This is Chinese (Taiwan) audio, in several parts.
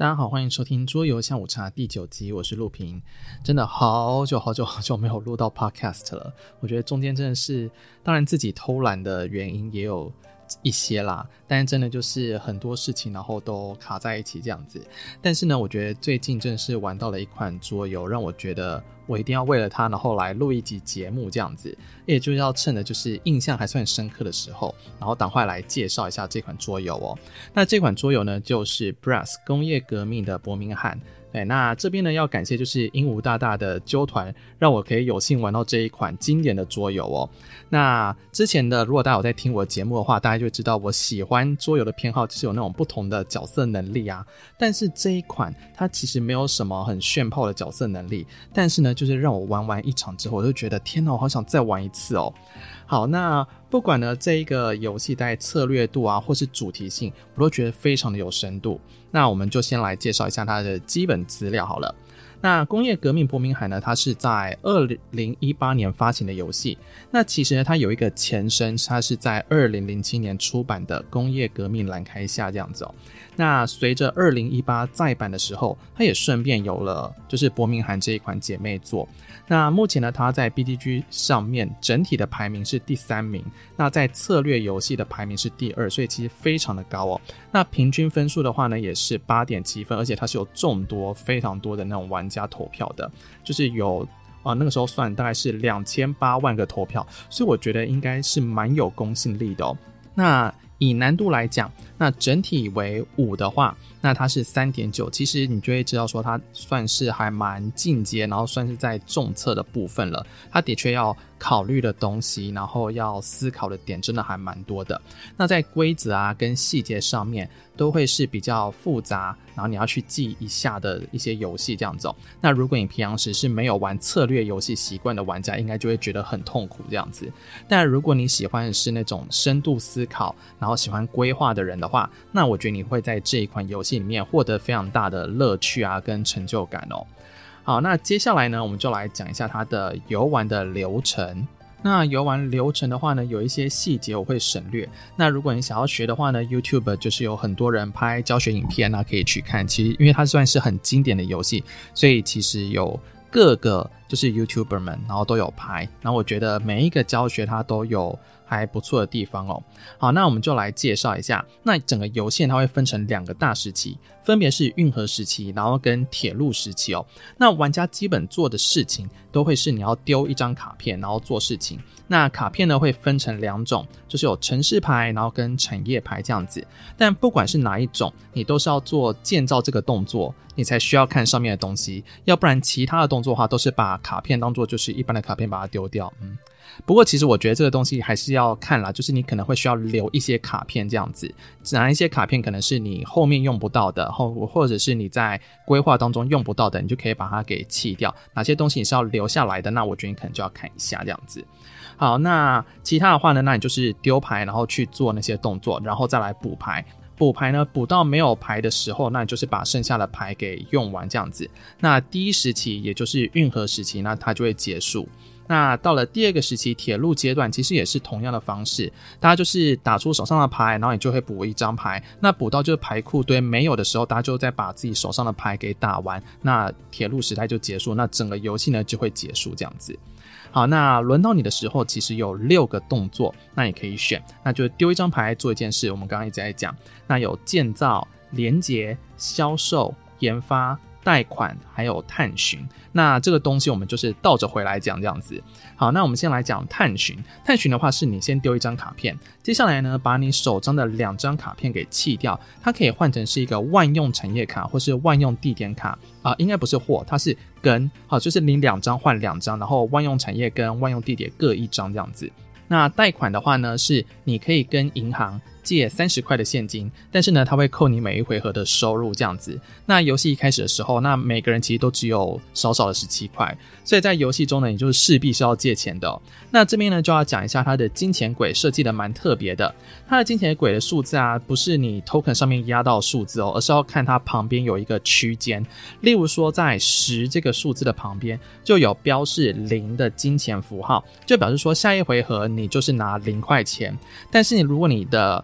大家好，歡迎收聽桌遊下午茶第九集，我是陸平。真的好久好久好久沒有錄到 podcast 了，我覺得中間真的是，當然自己偷懶的原因也有。一些啦，但真的就是很多事情，然後都卡在一起這樣子。但是呢，我覺得最近真的是玩到了一款桌遊，讓我覺得我一定要為了它，然後來錄一集節目這樣子，也就是要趁着就是印象還算深刻的時候，然後趕快來介紹一下這款桌遊哦。那這款桌遊呢，就是 Brass 工業革命的伯明翰。哎，那這邊呢要感謝就是鸚鵡大大的揪團，讓我可以有幸玩到這一款經典的桌遊哦。那之前的如果大家有在聽我的節目的話，大家就會知道我喜歡桌遊的偏好就是有那種不同的角色能力啊。但是這一款它其實沒有什麼很炫炮的角色能力，但是呢，就是讓我玩完一場之後，我就覺得，天吶，我好想再玩一次哦。好，那不管呢，這一個遊戲在策略度啊，或是主題性，我都覺得非常的有深度。那我們就先來介紹一下它的基本資料好了。那工業革命伯明翰呢，它是在二零一八年發行的遊戲。那其實呢，它有一個前身，它是在二零零七年出版的《工業革命蘭開夏》這樣子哦、喔。那隨着二零一八再版的時候，它也順便有了就是伯明翰這一款姐妹作。那目前呢，它在 B G G 上面整體的排名是第三名，那在策略遊戲的排名是第二，所以其實非常的高哦、喔。那平均分數的話呢，也是八點七分，而且它是有眾多非常多的那種玩具。加投票的，就是有啊、呃，那個時候算大概是兩千八萬個投票，所以我覺得應該是蠻有公信力的哦。那以難度來講，那整體為五的話，那它是三點九，其實你就會知道說它算是還蠻進階，然後算是在重策的部分了，它的確要考慮的東西，然後要思考的點真的還蠻多的。那在規則啊跟細節上面都會是比較複雜，然後你要去記一下的一些遊戲這樣子哦。那如果你平常時是沒有玩策略遊戲習慣的玩家，應該就會覺得很痛苦這樣子。但如果你喜歡是那種深度思考，然後喜歡規劃的人的話，那我覺得你會在這一款遊戲裡面獲得非常大的樂趣啊跟成就感哦。好，那接下來呢，我們就來講一下它的遊玩的流程。那遊玩流程的話呢，有一些細節我會省略。那如果你想要學的話呢，YouTube 就是有很多人拍教學影片，那可以去看。其實因為它算是很經典的遊戲，所以其實有各個就是 YouTuber 們，然後都有拍。然後我覺得每一個教學它都有。還不錯的地方哦。好，那我們就來介紹一下，那整個遊戲它會分成兩個大時期，分別是運河時期，然後跟鐵路時期哦。那玩家基本做的事情都會是你要丟一張卡片，然後做事情。那卡片呢，會分成兩種，就是有城市牌，然後跟產業牌這樣子。但不管是哪一種，你都是要做建造這個動作，你才需要看上面的東西。要不然其他的動作的話，都是把卡片當做就是一般的卡片把它丟掉。嗯。不過，其實我覺得這個東西還是要看啦，就是你可能會需要留一些卡片這樣子，哪一些卡片可能是你後面用不到的，或或者是你在規劃當中用不到的，你就可以把它給棄掉。哪些東西你是要留下來的？那我覺得你可能就要看一下這樣子。好，那其他的話呢？那你就是丟牌，然後去做那些動作，然後再來補牌。補牌呢，補到沒有牌的時候，那你就是把剩下的牌給用完這樣子。那第一時期，也就是運河時期，那它就會結束。那到了第二個時期，鐵路階段其實也是同樣的方式，大家就是打出手上的牌，然後你就會補一張牌。那補到這個牌庫堆沒有的時候，大家就再把自己手上的牌給打完。那鐵路時代就結束，那整個遊戲呢就會結束這樣子。好，那輪到你的時候，其實有六個動作，那你可以選，那就是丟一張牌做一件事。我們剛剛一直在講，那有建造、連接、銷售、研發。貸款還有探尋，那這個東西我們就是倒着回來講這樣子。好，那我們先來講探尋。探尋的話，是你先丟一張卡片，接下來呢，把你手上的兩張卡片給棄掉，它可以換成是一個萬用產業卡或是萬用地點卡啊、呃，應該不是貨，它是跟好、啊，就是你兩張換兩張，然後萬用產業跟萬用地點各一張這樣子。那貸款的話呢，是你可以跟銀行，借三十塊的現金，但是呢，它會扣你每一回合的收入這樣子。那遊戲一開始的時候，那每個人其實都只有少少的十七塊，所以在遊戲中呢，你就是勢必是要借錢的哦。那這邊呢，就要講一下它的金錢軌設計的蠻特別的。它的金錢軌的數字啊，不是你 token 上面壓到數字哦，而是要看它旁邊有一個區間。例如說，在十這個數字的旁邊就有標示零的金錢符號，就表示說下一回合你就是拿零塊錢。但是你如果你的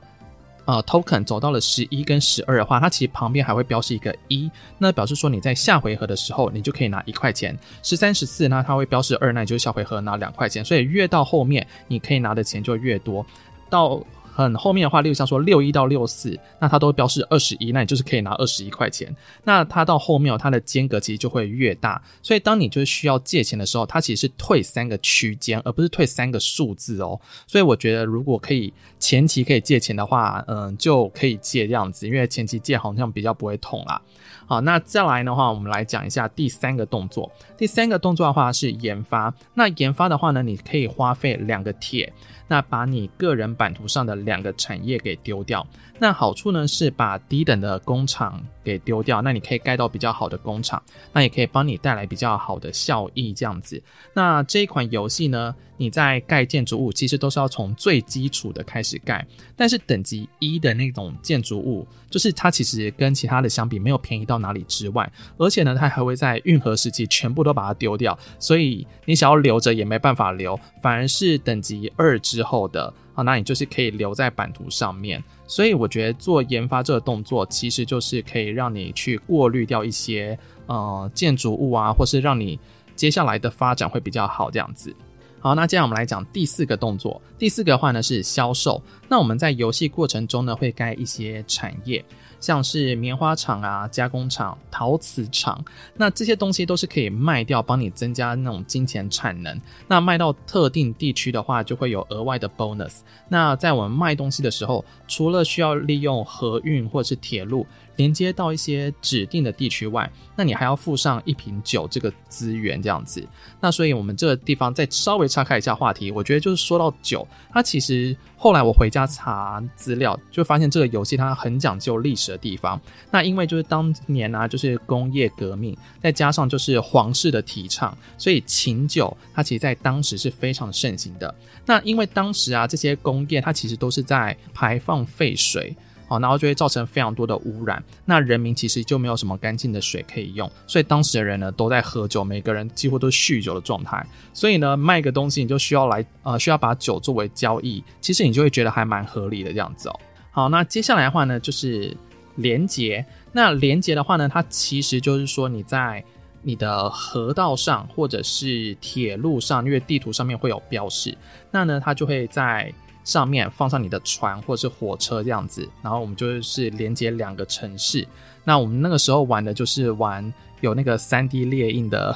呃，token 走到了十一跟十二的話，它其實旁邊還會標示一個一，那表示說你在下回合的時候，你就可以拿一塊錢。十三、十四呢，它會標示二，那你就下回合拿兩塊錢。所以越到後面，你可以拿的錢就越多。到很、嗯、後面的話，例如像說六一到六四，那它都標示二十一，那你就是可以拿二十一塊錢。那它到後面、喔，它的間隔其實就會越大。所以當你就是需要借錢的時候，它其實是退三個區間，而不是退三個數字哦、喔。所以我覺得，如果可以前期可以借錢的話，嗯，就可以借這樣子，因為前期借好像比較不會痛啦。好，那再來的話，我們來講一下第三個動作。第三個動作的話是研發。那研發的話呢，你可以花費兩個鐵，那把你個人版圖上的兩個產業給丟掉。那好處呢是把低等的工廠給丟掉，那你可以蓋到比較好的工廠，那也可以幫你帶來比較好的效益這樣子。那這一款遊戲呢，你在蓋建築物其實都是要從最基礎的開始蓋，但是等級一的那種建築物，就是它其實跟其他的相比沒有便宜到到哪裡之外，而且呢，它還會在運河時期全部都把它丟掉，所以你想要留着也沒辦法留，反而是等級二之後的啊，那你就是可以留在版圖上面。所以我覺得做研發這個動作，其實就是可以讓你去過濾掉一些呃建築物啊，或是讓你接下來的發展會比較好這樣子。好，那接下來我們來講第四個動作。第四個的話呢是銷售。那我們在遊戲過程中呢會蓋一些產業。像是棉花廠啊、加工廠、陶瓷廠，那這些東西都是可以賣掉，幫你增加那種金錢產能。那賣到特定地區的話，就會有額外的 bonus。那在我們賣東西的時候，除了需要利用河運或是鐵路。連接到一些指定的地區外，那你還要附上一瓶酒這個資源這樣子。那所以，我們這個地方再稍微岔開一下話題，我覺得就是說到酒，它、啊、其實後來我回家查資料就發現這個遊戲它很講究歷史的地方。那因為就是當年呢、啊，就是工業革命，再加上就是皇室的提倡，所以琴酒它其實在當時是非常盛行的。那因為當時啊，這些工業它其實都是在排放廢水。好，然後就會造成非常多的污染，那人民其實就沒有什麼乾淨的水可以用，所以當時的人呢，都在喝酒，每個人幾乎都是酗酒的狀態，所以呢賣個東西你就需要來呃，需要把酒作為交易，其實你就會覺得還蠻合理的這樣子哦。好，那接下來的話呢就是連接，那連接的話呢，它其實就是說你在你的河道上或者是鐵路上，因為地圖上面會有標示，那呢它就會在。上面放上你的船或是火車這樣子，然後我們就是連接兩個城市。那我們那個時候玩的就是玩有那個 3D 列印的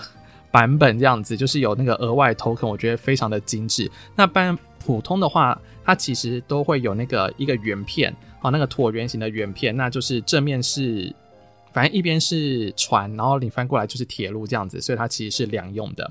版本，這樣子就是有那個額外 token，我覺得非常的精緻。那不然普通的話，它其實都會有那個一個圓片，哦、啊，那個橢圓形的圓片，那就是正面是，反正一邊是船，然後你翻過來就是鐵路這樣子，所以它其實是兩用的。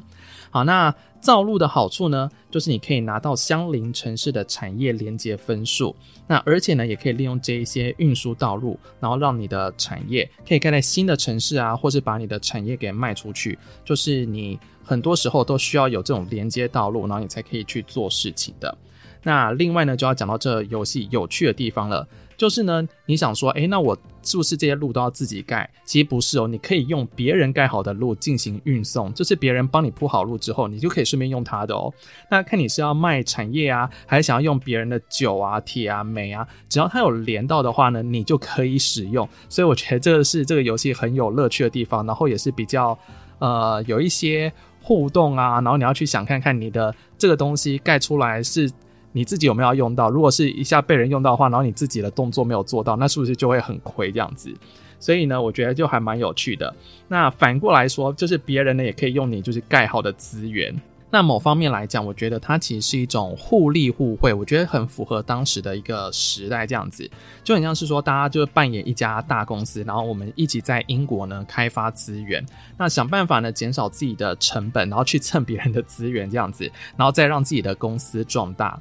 好，那造路的好處呢，就是你可以拿到相鄰城市的產業連接分數。那而且呢，也可以利用這一些運輸道路，然後讓你的產業可以蓋在新的城市啊，或是把你的產業給賣出去。就是你很多時候都需要有這種連接道路，然後你才可以去做事情的。那另外呢，就要講到這遊戲有趣的地方了。就是呢，你想說，誒，那我是不是這些路都要自己蓋？其實不是哦，你可以用別人蓋好的路進行運送，就是別人幫你鋪好路之後，你就可以順便用它的哦。那看你是要賣產業啊，還是想要用別人的酒啊、鐵啊、煤啊，只要它有連到的話呢，你就可以使用。所以我覺得這是這個遊戲很有樂趣的地方，然後也是比較呃有一些互動啊，然後你要去想看看你的這個東西蓋出來是。你自己有沒有要用到？如果是一下被人用到的話，然後你自己的動作沒有做到，那是不是就會很虧這樣子？所以呢，我覺得就還蠻有趣的。那反過來說，就是別人呢也可以用你就是蓋好的資源。那某方面來講，我覺得它其實是一種互利互惠。我覺得很符合當時的一個時代這樣子，就很像是說大家就是扮演一家大公司，然後我們一起在英國呢開發資源，那想辦法呢減少自己的成本，然後去蹭別人的資源這樣子，然後再讓自己的公司壯大。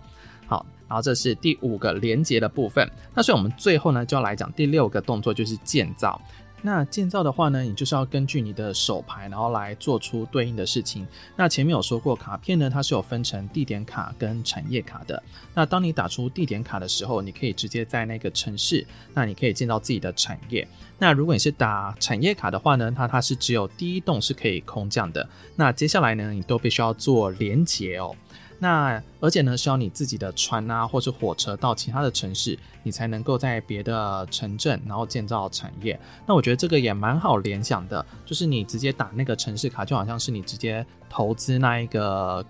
然後這是第五個連接的部分。那所以我們最後呢就要來講第六個動作，就是建造。那建造的話呢，你就是要根據你的手牌，然後來做出對應的事情。那前面有說過，卡片呢它是有分成地點卡跟產業卡的。那當你打出地點卡的時候，你可以直接在那個城市，那你可以建造自己的產業。那如果你是打產業卡的話呢，它它是只有第一棟是可以空降的。那接下來呢，你都必須要做連接哦。那而且呢，需要你自己的船啊，或是火車到其他的城市，你才能夠在別的城鎮然後建造產業。那我覺得這個也蠻好聯想的，就是你直接打那個城市卡，就好像是你直接投資那一個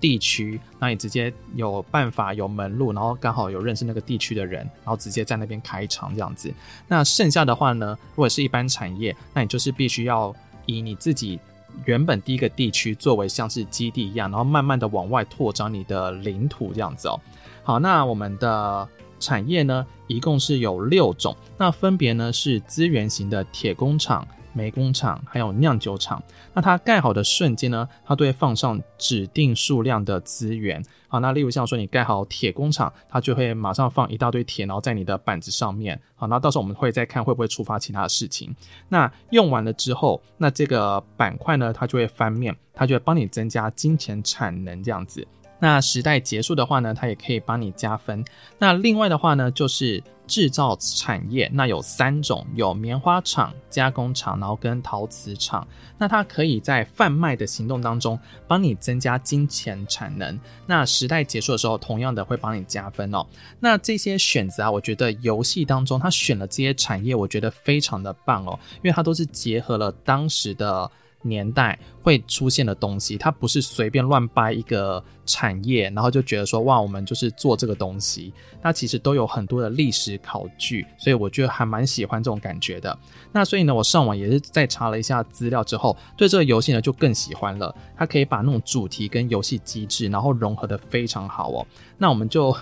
地區，那你直接有辦法有門路，然後剛好有認識那個地區的人，然後直接在那邊開廠這樣子。那剩下的話呢，如果是一般產業，那你就是必須要以你自己。原本第一個地區作為像是基地一樣，然後慢慢的往外拓展你的領土這樣子哦。好，那我們的產業呢，一共是有六種，那分別呢是資源型的鐵工廠。煤工廠還有釀酒廠，那它蓋好的瞬間呢，它都會放上指定數量的資源。好，那例如像說你蓋好鐵工廠，它就會馬上放一大堆鐵，然後在你的板子上面。好，那到時候我們會再看會不會觸發其他的事情。那用完了之後，那這個板塊呢，它就會翻面，它就會幫你增加金錢產能這樣子。那時代結束的話呢，它也可以幫你加分。那另外的話呢，就是。製造產業那有三種，有棉花廠、加工廠，然後跟陶瓷廠。那它可以在販賣的行動當中幫你增加金錢產能。那時代結束的時候，同樣的會幫你加分哦。那這些選擇啊，我覺得遊戲當中他選了這些產業，我覺得非常的棒哦，因為它都是結合了當時的。年代會出現的東西。它不是隨便亂掰一個產業，然後就覺得說，哇，我們就是做這個東西，那其實都有很多的歷史考據，所以我覺得還蠻喜歡這種感覺的。那所以呢，我上網也是再查了一下資料之後，對這個遊戲呢就更喜歡了。它可以把那種主題跟遊戲機制，然後融合得非常好哦。那我們就。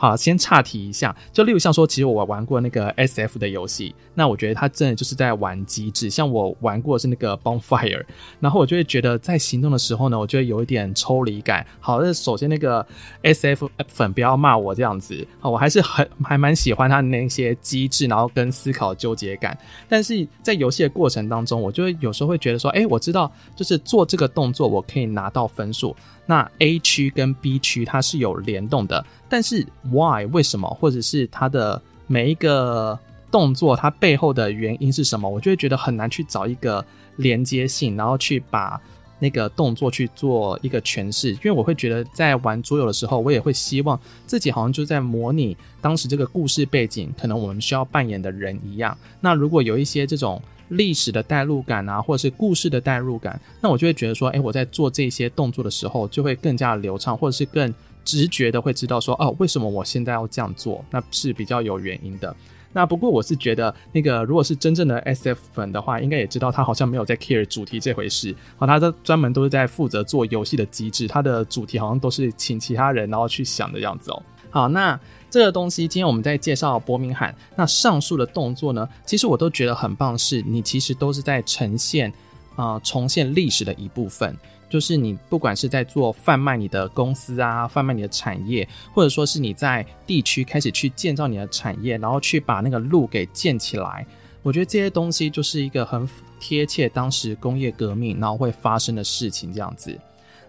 好，先岔題一下，就例如像說，其實我玩過那個 SF 的遊戲，那我覺得他真的就是在玩機制。像我玩過的是那個 Bonfire，然後我就會覺得在行動的時候呢，我就會有一點抽離感。好，那首先那個 SF 粉不要罵我這樣子，好、哦，我還是很還蠻喜歡他的那些機制，然後跟思考糾結感。但是在遊戲的過程當中，我就會有時候會覺得說，哎，我知道就是做這個動作我可以拿到分數，那 A 區跟 B 區它是有聯動的。但是 why 為什麼，或者是它的每一個動作，它背後的原因是什麼？我就會覺得很難去找一個連接性，然後去把那個動作去做一個詮釋。因為我會覺得，在玩桌遊的時候，我也會希望自己好像就在模擬當時這個故事背景，可能我們需要扮演的人一樣。那如果有一些這種歷史的代入感啊，或者是故事的代入感，那我就會覺得說，誒、欸，我在做這些動作的時候，就會更加流暢，或者是更。直覺的會知道說，哦，為什麼我現在要這樣做？那是比較有原因的。那不過我是覺得，那個如果是真正的 SF 粉的話，應該也知道他好像沒有在 care 主題這回事。好、哦，他的專門都是在負責做遊戲的機制，他的主題好像都是請其他人然後去想的樣子哦。好，那這個東西今天我們在介紹伯明翰，那上述的動作呢，其實我都覺得很棒，是你其實都是在呈現啊、呃、重現歷史的一部分。就是你不管是在做販賣你的公司啊，販賣你的產業，或者說是你在地區開始去建造你的產業，然後去把那個路給建起來，我覺得這些東西就是一個很貼切當時工業革命，然後會發生的事情這樣子。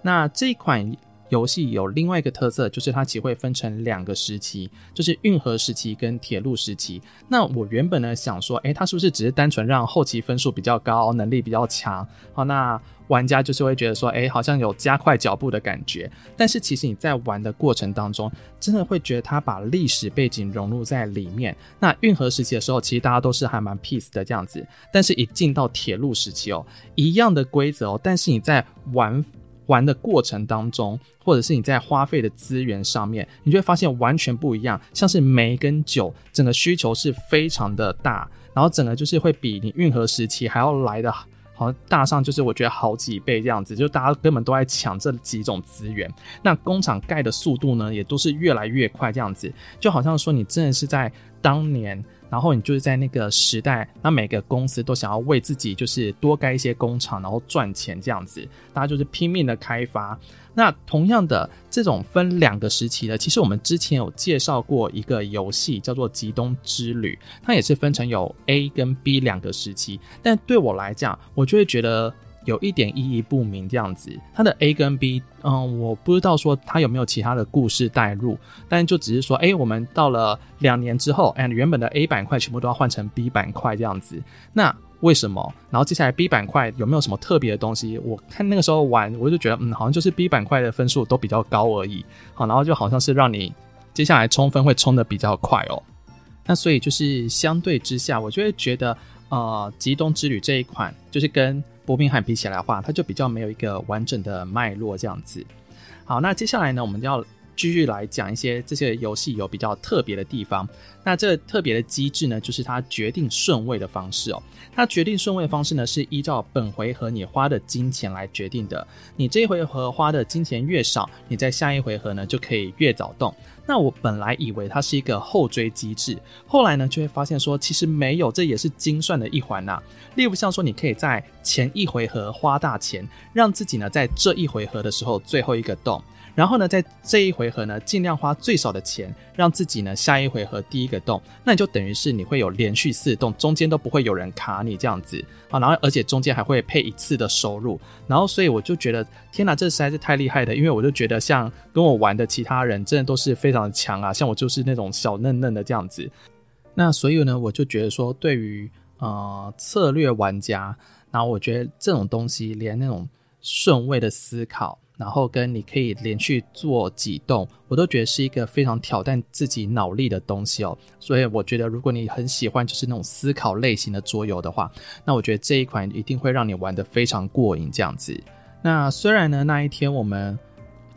那這一款。遊戲有另外一個特色，就是它其實會分成兩個時期，就是運河時期跟鐵路時期。那我原本呢想說，誒、欸，它是不是只是單純讓後期分數比較高，能力比較強？好，那玩家就是會覺得說，誒、欸，好像有加快腳步的感覺。但是其實你在玩的過程當中，真的會覺得它把歷史背景融入在裡面。那運河時期的時候，其實大家都是還蠻 peace 的這樣子。但是一進到鐵路時期哦，一樣的規則哦，但是你在玩。玩的過程當中，或者是你在花費的資源上面，你就會發現完全不一樣。像是煤跟酒，整個需求是非常的大，然後整個就是會比你運河時期還要來的好像大上，就是我覺得好幾倍這樣子。就大家根本都在搶這幾種資源，那工廠蓋的速度呢，也都是越來越快這樣子。就好像說，你真的是在當年。然後你就是在那個時代，那每個公司都想要為自己就是多蓋一些工廠，然後賺錢這樣子，大家就是拼命的開發。那同樣的這種分兩個時期的，其實我們之前有介紹過一個遊戲叫做《極東之旅》，它也是分成有 A 跟 B 兩個時期。但對我來講，我就會覺得。有一點意義不明這樣子，它的 A 跟 B，嗯，我不知道說它有沒有其他的故事帶入，但就只是說，哎，我們到了兩年之後，哎，原本的 A 板塊全部都要換成 B 板塊這樣子，那為什麼？然後接下來 B 板塊有沒有什麼特別的東西？我看那個時候玩，我就覺得，嗯，好像就是 B 板塊的分數都比較高而已，好，然後就好像是讓你接下來衝分會衝的比較快哦。那所以就是相對之下，我就會覺得，呃，極東之旅這一款就是跟伯明翰比起來的話，它就比較沒有一個完整的脈絡這樣子。好，那接下來呢，我們就要繼續來講一些這些遊戲有比較特別的地方。那這特別的機制呢，就是它決定順位的方式哦。它決定順位的方式呢，是依照本回合你花的金錢來決定的。你這一回合花的金錢越少，你在下一回合呢就可以越早動。那我本來以為它是一個後追機制，後來呢就會發現說其實沒有，這也是精算的一環吶、啊。例如像說，你可以在前一回合花大錢，讓自己呢在這一回合的時候最後一個動。然後呢，在這一回合呢，儘量花最少的錢，讓自己呢下一回合第一個動，那你就等於是你會有連續四動，中間都不會有人卡你這樣子啊。然後而且中間還會配一次的收入。然後所以我就覺得，天哪，這實在是太厲害了！因為我就覺得，像跟我玩的其他人，真的都是非常強啊。像我就是那種小嫩嫩的這樣子。那所以呢，我就覺得說，對於呃策略玩家，然後我覺得這種東西，連那種順位的思考。然後跟你可以連續做幾棟，我都覺得是一個非常挑戰自己腦力的東西哦。所以我覺得，如果你很喜歡就是那種思考類型的桌遊的話，那我覺得這一款一定會讓你玩得非常過癮這樣子。那雖然呢那一天我們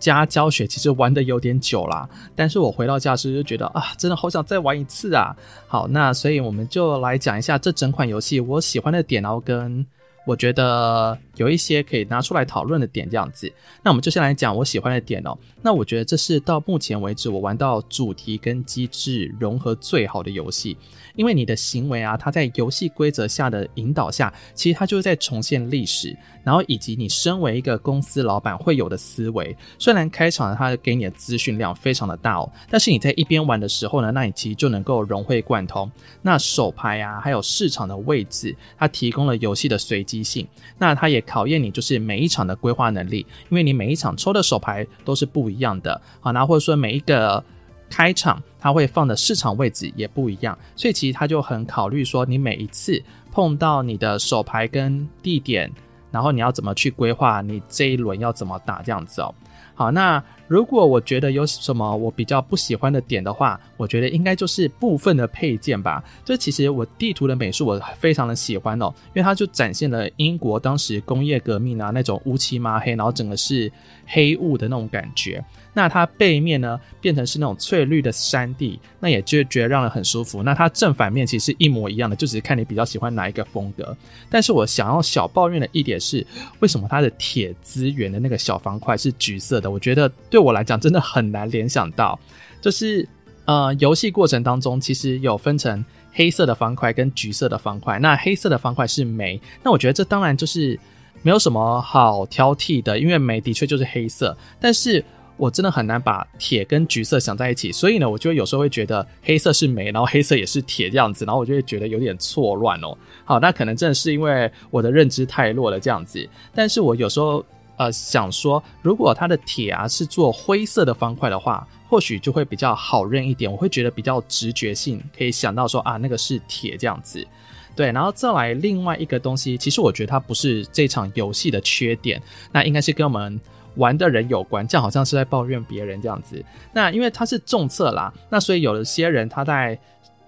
家教學其實玩得有點久了，但是我回到家時就覺得啊，真的好想再玩一次啊。好，那所以我們就來講一下這整款遊戲我喜歡的點，然後跟。我覺得有一些可以拿出來討論的點，這樣子。那我們就先來講我喜歡的點哦。那我覺得這是到目前為止我玩到主題跟機制融合最好的遊戲，因為你的行為啊，它在遊戲規則下的引導下，其實它就是在重現歷史。然後以及你身為一個公司老闆會有的思維，雖然開場呢，它給你的資訊量非常的大哦，但是你在一邊玩的時候呢，那你其實就能夠融會貫通。那手牌啊，還有市場的位置，它提供了遊戲的隨機。機性，那他也考驗你，就是每一場的規劃能力，因為你每一場抽的手牌都是不一樣的，好，那或者說每一個開場，它會放的市場位置也不一樣，所以其實他就很考慮說，你每一次碰到你的手牌跟地點，然後你要怎麼去規劃，你這一輪要怎麼打這樣子哦。好，那。如果我覺得有什麼我比較不喜歡的點的話，我覺得應該就是部分的配件吧。這其實我地圖的美術我非常的喜歡哦，因為它就展現了英國當時工業革命啊，那種烏漆嘛黑，然後整個是黑霧的那種感覺。那它背面呢，變成是那種翠綠的山地，那也就覺得讓人很舒服。那它正反面其實一模一樣的，就只是看你比較喜歡哪一個風格。但是我想要小抱怨的一點是，為什麼它的鐵資源的那個小方塊是橘色的？我覺得對我來講真的很難聯想到，就是呃，遊戲過程當中其實有分成黑色的方塊跟橘色的方塊。那黑色的方塊是煤，那我覺得這當然就是沒有什麼好挑剔的，因為煤的確就是黑色，但是，我真的很難把鐵跟橘色想在一起，所以呢，我就會有時候會覺得黑色是煤，然後黑色也是鐵這樣子，然後我就會覺得有點錯亂哦。好，那可能正是因為我的認知太弱了這樣子。但是我有時候呃想說，如果它的鐵啊是做灰色的方塊的話，或許就會比較好認一點。我會覺得比較直覺性可以想到說啊，那個是鐵這樣子。對，然後再來另外一個東西，其實我覺得它不是這場遊戲的缺點，那應該是跟我們。玩的人有關，這樣好像是在抱怨別人這樣子。那因為他是重策啦，那所以有一些人他在，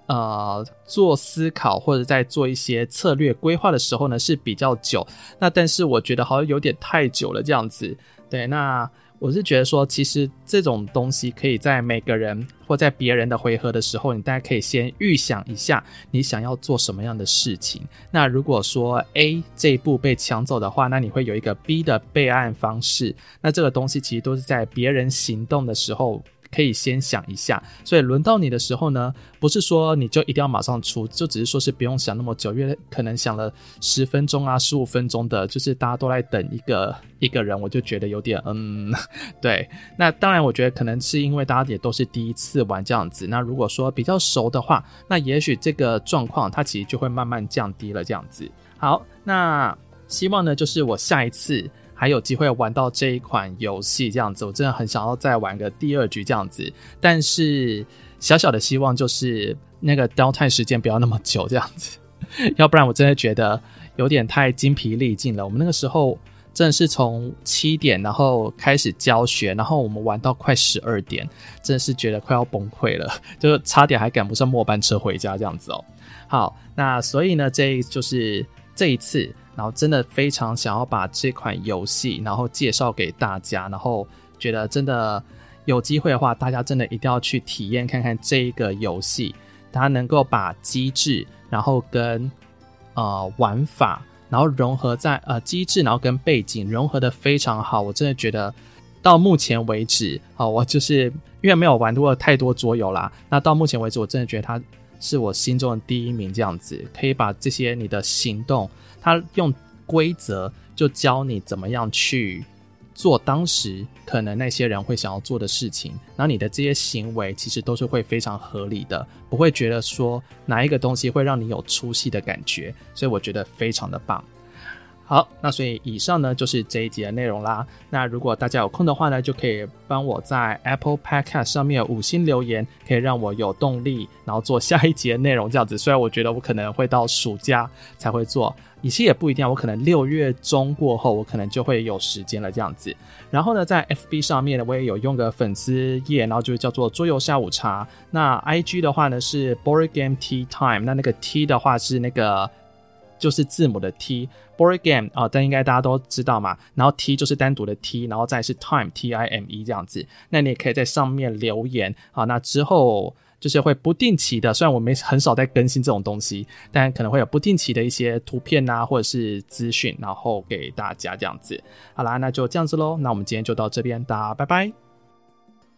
呃，做思考或者在做一些策略規劃的時候呢，是比較久。那但是我覺得好像有點太久了這樣子，對那。我是覺得說，其實這種東西可以在每個人或在別人的回合的時候，你大概可以先預想一下你想要做什麼樣的事情。那如果說 A 這一步被搶走的話，那你會有一個 B 的備案方式。那這個東西其實都是在別人行動的時候。可以先想一下，所以輪到你的時候呢，不是說你就一定要馬上出，就只是說是不用想那麼久，因為可能想了十分鐘啊、十五分鐘的，就是大家都在等一個一個人，我就覺得有點嗯，對。那當然，我覺得可能是因為大家也都是第一次玩這樣子，那如果說比較熟的話，那也許這個狀況它其實就會慢慢降低了這樣子。好，那希望呢，就是我下一次。還有機會玩到這一款遊戲，這樣子，我真的很想要再玩個第二局這樣子。但是小小的希望就是那個 downtime 時間不要那麼久，這樣子，要不然我真的覺得有點太精疲力盡了。我們那個時候真的是從七點然後開始教學，然後我們玩到快十二點，真的是覺得快要崩潰了，就差點還趕不上末班車回家這樣子哦、喔。好，那所以呢，這一，就是這一次。然後真的非常想要把這款遊戲，然後介紹給大家，然後覺得真的有機會的話，大家真的一定要去體驗看看這一個遊戲，它能夠把機制，然後跟呃玩法，然後融合在呃機制，然後跟背景融合的非常好。我真的覺得到目前為止，啊、呃，我就是因為沒有玩過太多桌遊啦，那到目前為止，我真的覺得它是我心中的第一名這樣子，可以把這些你的行動。他用規則就教你怎麼樣去做，當時可能那些人會想要做的事情，然後你的這些行為其實都是會非常合理的，不會覺得說哪一個東西會讓你有出戲的感覺，所以我覺得非常的棒。好，那所以以上呢就是這一集的內容啦。那如果大家有空的話呢，就可以幫我在 Apple Podcast 上面五星留言，可以讓我有動力，然後做下一集的內容這樣子。雖然我覺得我可能會到暑假才會做，其實也不一定，我可能六月中過後，我可能就會有時間了這樣子。然後呢，在 FB 上面呢，我也有用個粉絲頁，然後就叫做“桌遊下午茶”。那 IG 的話呢是 “Board Game T Time”，那那個 T 的話是那個。就是字母的 T board game 啊、哦，但應該大家都知道嘛。然後 T 就是單獨的 T，然後再是 time T I M E 這樣子。那你也可以在上面留言。好，那之後就是會不定期的，雖然我們很少在更新這種東西，但可能會有不定期的一些圖片啊，或者是資訊，然後給大家這樣子。好啦，那就這樣子嘍。那我們今天就到這邊噠，拜拜。